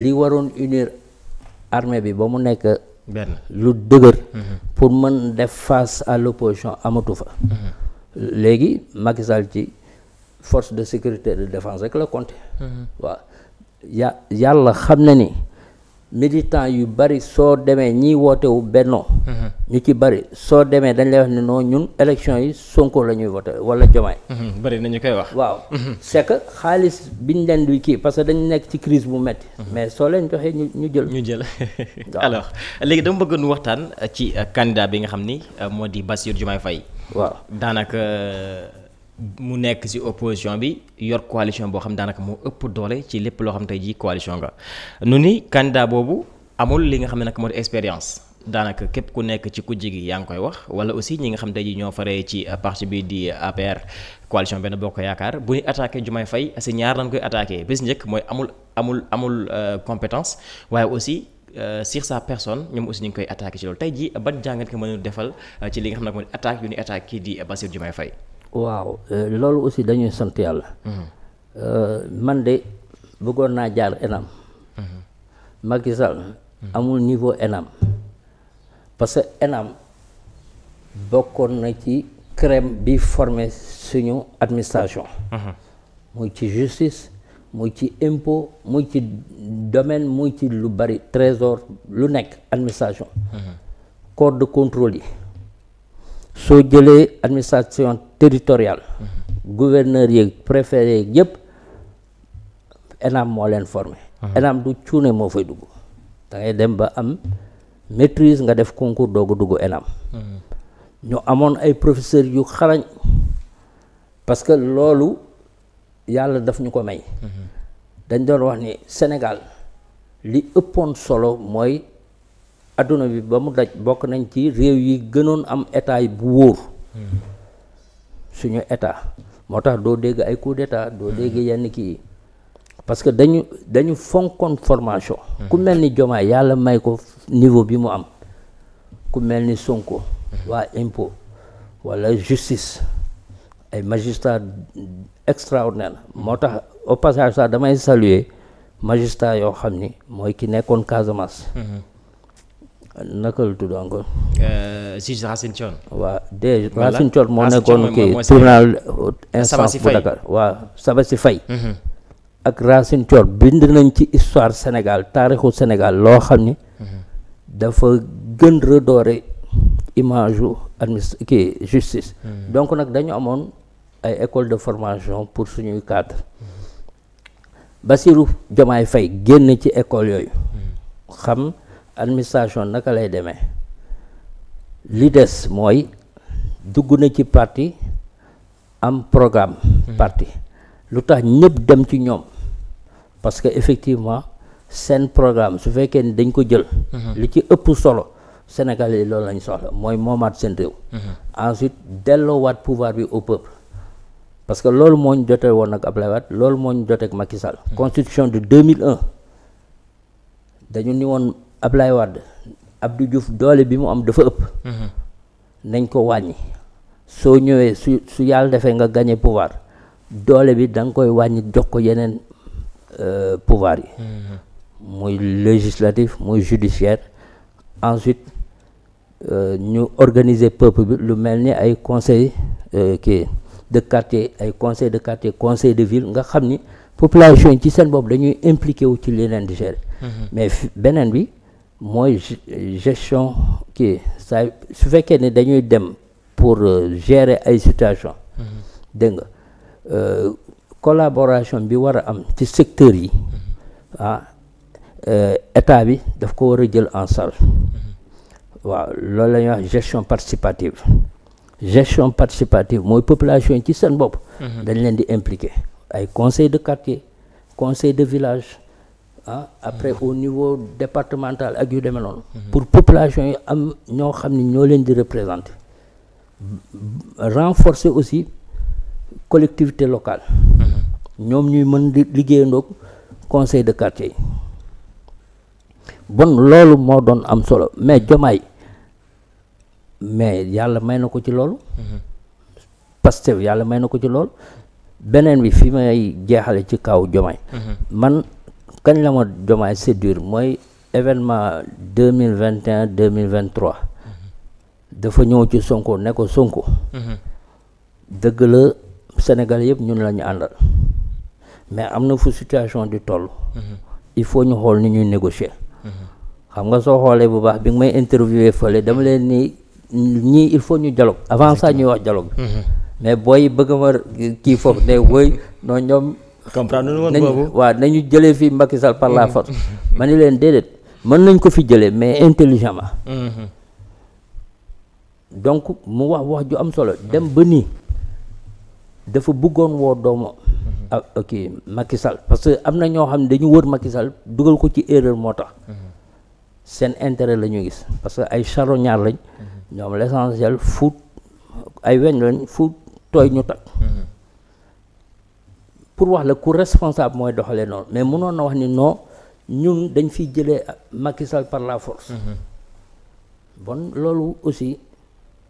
li waroon unir armée bi ba mu nekk benn lu dëgër mhm. pour mën def face à l'opposition amatu fa mhm. léegi Macky ci force de sécurité de défense rek la compté mhm. waaw ya yàlla xam na ni militant yu bari soo demee ñiy wootewu bennoo mhm. ñu ci bari soo demee dañ lay wax ne non ñun élection yi Sonko la ñuy voté wala Jomaay. Mhm, bari nañu koy wax. waaw mhm. c'est que xaalis ñu leen di kii parce que dañu nekk ci crise bu metti mais soo leen joxee ñu ñu jël. ñu jël alors léegi dama bëgg nu waxtaan ci candidat bi nga xam ni euh, moo di Bassirou Diomaye fay waaw daanaka. Euh, mu nekk ci opposition bi yor coalition boo xam daanaka moo ëpp doole ci lépp loo xam tey jii coalition nga nu ni candidat boobu amul li nga xam ne nag moo di expérience daanaka képp ku nekk ci kujje gi yaa ngi koy wax wala aussi ñi nga xam tey jii ñoo faree ci euh, parti bi di euh, APR coalition benn bokk yaakaar bu ñu attaqué Diomaye Faye ci ñaar lañ koy attaqué bis njëkk mooy amul amul amul euh, compétence waaye aussi. sur sa personne ñoom aussi ñu ngi koy attaqué ci loolu tey jii ba jàng nga mën a defal ci li nga xam ne mooy attaque yu ñuy attaque kii di Bassirou Diomaye Faye waaw euh, loolu aussi dañuy sant yàlla. Mhm. Euh, man de bëggoon naa jaar ENAM. Mhm. Macky mhm. amul niveau ENAM parce que ENAM bokkoon na ci crème bi forme suñu administration. muy ci justice muy ci impôt muy ci domaine muy ci lu bari trésor lu nekk administration. corps de contrôle yi. soo jëlee administration territoriale mhm. gouverneur yeeg préfet yeeg yëpp ENAM moo leen formé mhm. ENAM du cuune moo fay dugg da ngay dem ba am maîtrise nga def concours doogu dugg ENAM mhm. ñu amoon ay professeurs yu xarañ parce que loolu yàlla daf ñu ko may dañ doon wax ni Sénégal li ëppoon solo mooy adduna bi ba mu daj bokk nañ ci réew yi gënoon am état bu wóor suñu état moo tax doo dégg ay coup d'état doo dégg yenn kii parce que dañu dañu fonkoon formation ku hmm. mel ni Diomaye yàlla may ko niveau bi mu am ku mel ni Sonko hmm. waa impôt walla justice ay magistrat extraordinaire moo tax au passage sax damay saluer magistrat yoo xam ni mooy ki nekkoon Casamance hmm. naka la tudd encore. Euh, juge Racine Thion. waaw de Racine Thion moo nekkoon kii tribunal instance bu Dakar waaw Sabassi Faye mhm. ak Racine Thion bind nañ ci histoire Sénégal taarixu Sénégal loo xam ni. Mhm. dafa gën redorer image u administ justice. Mhm. donc nag dañu amoon ay école de formation pour suñuy cadre Bassirou Diomaye Faye génn ci école yooyu xam. administration naka lay demee li des mooy dugg na ci parti am programme hmm. parti lu tax ñëpp dem ci ñoom parce que effectivement seen programme su fekkee ni dañ ko jël hmm. li ci ëpp solo Sénégal yi loolu lañ soxla mooy moomaat seen réew hmm. ensuite delloowaat pouvoir bi au peuple parce loolu moo ñu jotee woon ak Ablaye Wade loolu moo ñu jotee ak Macky Sall constitution de 2001 dañu ni woon Ablaye Wade Abdou Diouf doole bi mu am dafa ëpp. Mhm. nañ ko wàññi soo ñëwee su su yàlla defee nga gagné pouvoir doole bi da nga koy wàññi jox ko yeneen euh, pouvoir yi. Mhm. muy législatif muy judiciaire ensuite euh, ñu organiser peuple bi lu mel ni ay conseil euh, kii de quartier ay conseil de quartier conseil de ville nga xam ni population yi ci seen bopp dañuy impliqué wu ci li leen di gérer mhm. mais beneen bi. mooy gestion kii saa su fekkee ne dañuy dem pour euh, gérer ay situation mm-hmm. dégg nga euh, collaboration bi war a am ci secteurs yi mm-hmm. ah euh, état bi daf ko war a jël en charge mm-hmm. waaw loolu la ñuy wax gestion participative gestion participative mooy population yi ci seen bopp dañ leen di impliquer ay conseil de quartier conseil de village ah après au niveau départemental ak yu demee noonu. Mhm. pour population yi am ñoo xam ni ñoo leen di représenter renforcer aussi collectivité locale. Mhm. ñoom ñuy mën di liggéeyandoog conseil de quartier yi bon loolu moo doon am solo mais Diomaye mais yàlla may na ko ci loolu. Mhm. Pastef yàlla may na ko ci lool beneen bi fi may jeexale ci kaw Diomaye man. kañ la ma Diomaye séduire mooy événement deux mille vingt et un deux mille vingt trois dafa ñëw ci Sonko ne ko dëgg la Sénégal yëpp ñun la ñu àndal mais am na fu situation di toll. il faut ñu xool ni ñuy négocier. xam nga soo xoolee bu baax bi nga may interviewé fële dama leen nii ñii il faut ñu dialogue avant ça ñuy wax dialogue. Mhm. mais booy bëgg ma kii foofu ne woy noo ñoom. comprendre nu ma boobu waaw nañu jëlee fii Macky par la mm-hmm. force. ma ne leen déedéet mën nañ ko fi jëlee mais mm-hmm. intelligemment. Mm-hmm. donc mu wax wax ju am solo dem ba nii dafa bëggoon woo doomu. ak ah, ok Macky parce que am na ñoo xam ne dañu wër Macky Sall dugal ko ci erreur moo tax. seen intérêt la ñu gis parce que ay charognard lañ. ñoom l' essentiel fuut ay weñ lañ fuut tooy ñu takk. pour wax la ku responsable mooy doxalee noonu mais mënoon na wax ni non ñun dañ fi jëlee Macky par la force. Mhm. loolu aussi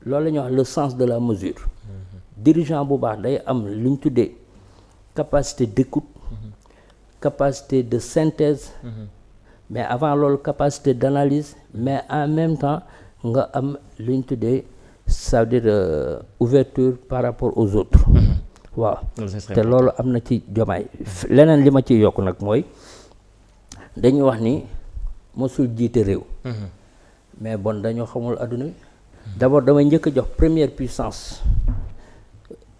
loolu lañu wax le sens de la mesure. Mhm. dirigeant bu baax day am lu ñu tuddee capacité d'écoute. Mhm. capacité de synthèse. mais avant loolu capacité d'analyse mais en même temps nga am lu ñu tuddee c'est-à-dire euh, ouverture par rapport aux autres. waaw te loolu am na ci jomaay leneen li ma ci yokk nag mooy dañuy wax ni mosul jiite réew mhm. mais bon dañoo xamul adduna bi d'abord damay njëkk a jox première puissance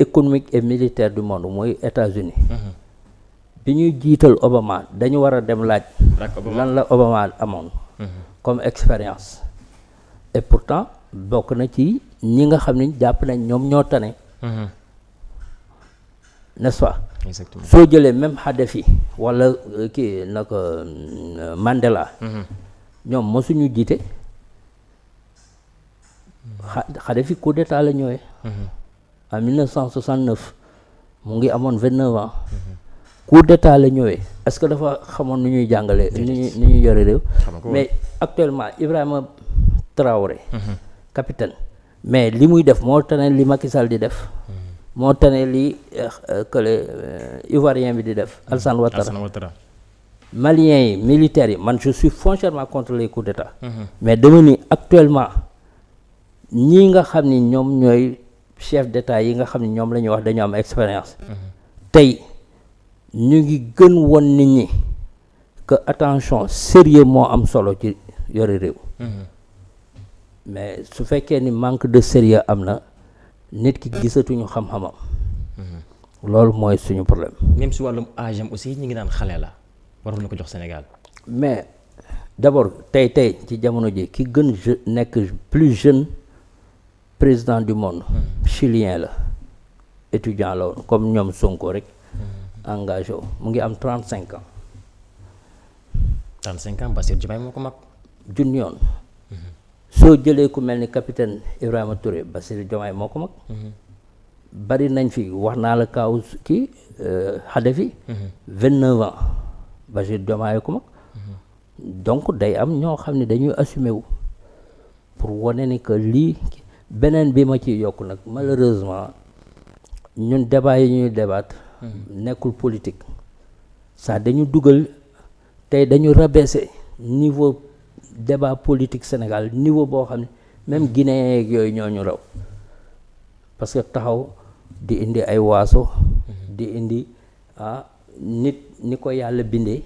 économique et militaire du monde mooy États-Unis mhm. bi ñuy jiital Obama dañu war a dem laaj lan la Obama amoon mhm. comme expérience et pourtant bokk na ci ñi nga xam ne jàpp nañ ñoom ñoo tane n'est-ce pas exactement soo jëlee même Kadhafi wala euh, kii nag euh, Mandela mhm. ñoom mosuñu jiite Kadhafi coup d'état la ñëwee mhm. en 1969 mu ngi amoon 29 ans mhm. coup d'état la ñëwee est que dafa xamoon nu ñuy jàngale nu ñuy nu yore réew mais actuellement Ibrahima Traoré capitaine mais li muy def moo tane li Macky Sall di def moo tane li eh, eh, kële eh, ivoirien bi di def Alassane Ouattara maliens yi militaires yi man je suis foncièrement contre les d'état mhm. mais dama ni actuellement ñii nga xam ni ñoom ñooy chef d'état yi nga xam ni ñoom la ñuy wax dañu am expérience mhm. tey ñu ngi gën woon nit ñi que attention sérieux moo am solo ci yore réew mhm. mais su fekkee ni manque de sérieux am na nit ki hmm. gisatu ñu xam-xamam. Hmm. loolu mooy suñu problème. même si wàllum âge am aussi ñu ngi daan xale la waroon la ko jox Sénégal. mais d' abord tey tey ci jamono ji ki gën nekk plus jeune président du monde. Hmm. chilien la étudiant la woon comme ñoom Sonko rek. engagé mu ngi am trente cinq ans. trente cinq ans Bassirou Diomaye moo ko mag. junni yoon. soo jëlee ku mel ni capitaine Ibrahima Touré Bassirou Diomaye moo ko mag. Mhm. bari nañ fi wax naa la kaaw kii Khadafi. Euh, 29 mhm. ans Bassirou Diomaye ko mag. Mhm. donc day am ñoo xam ne dañuy assumer wu pour wone ni que lii beneen bi ma ci yokk nag malheureusement ñun débat yi ñuy debaat nekkul politique. sax dañu dugal tey dañu rabaisser niveau. débat politique Sénégal niveau boo xam ne même Guinée yooyu ñoo ñu raw parce que taxaw di indi ay waaso. di indi ah nit ni ko yàlla bindee.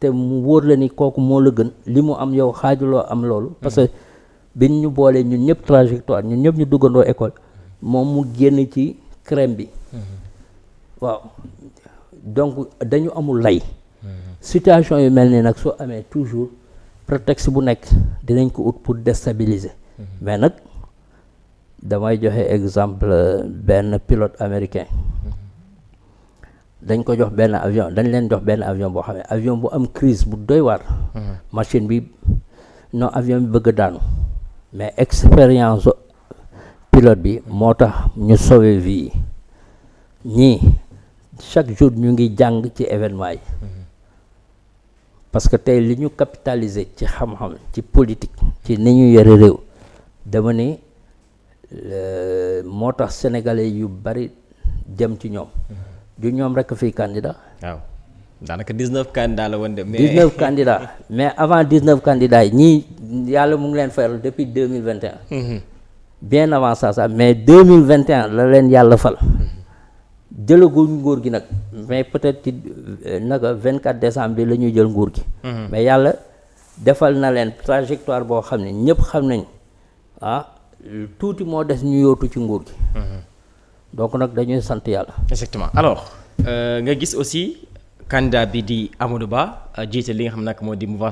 te mu wóor la ni kooku moo la gën li mu am yow xaajuloo am loolu. parce que biñ ñu boolee ñun ñëpp trajectoire ñun ñëpp ñu duggandoo école moom mu génn ci crème bi. waaw donc dañu amul lay. Mm-hmm. situation yu mel ni nag soo amee toujours. prétexte bu nekk dinañ ko ut pour déstabiliser mhm. mais nag damay joxe exemple euh, benn pilote américain mhm. dañ ko jox benn avion dañ leen jox benn avion boo xam ne avion bu am crise bu doy waar mhm. machine bi non avion bi bëgg daanu mais expérience pilote bi moo tax ñu sauver vie ñii chaque jour ñu ngi jàng ci événement yi parce que tey li ñu capitaliser ci xam-xam ci politique ci ni ñu yore réew dama ni moo tax sénégalais yu bari jëm ci ñoom ju ñoom rekk fii candidat waaw daanaka 19 candidats la woon de mais 19 mais avant 19 candidats yi ñii yàlla mu ngi leen fayal depuis deux mille 2021 mhm. bien avant ça sax mais deux mille 2021 la leen yàlla fal mhm. jëlaguñ nguur gi nag mais peut-être ci euh, naka 24 décembre bi la ñuy jël nguur gi. Mhm. mais yàlla defal na leen trajectoire boo xam ne ñëpp xam nañ ah tuuti moo des ñu yootu ci nguur gi. Mhm. donc nag dañuy sant yàlla. exactement alors euh, nga gis aussi candidat bi di Amadou Ba jiite li nga xam nag moo di mouvance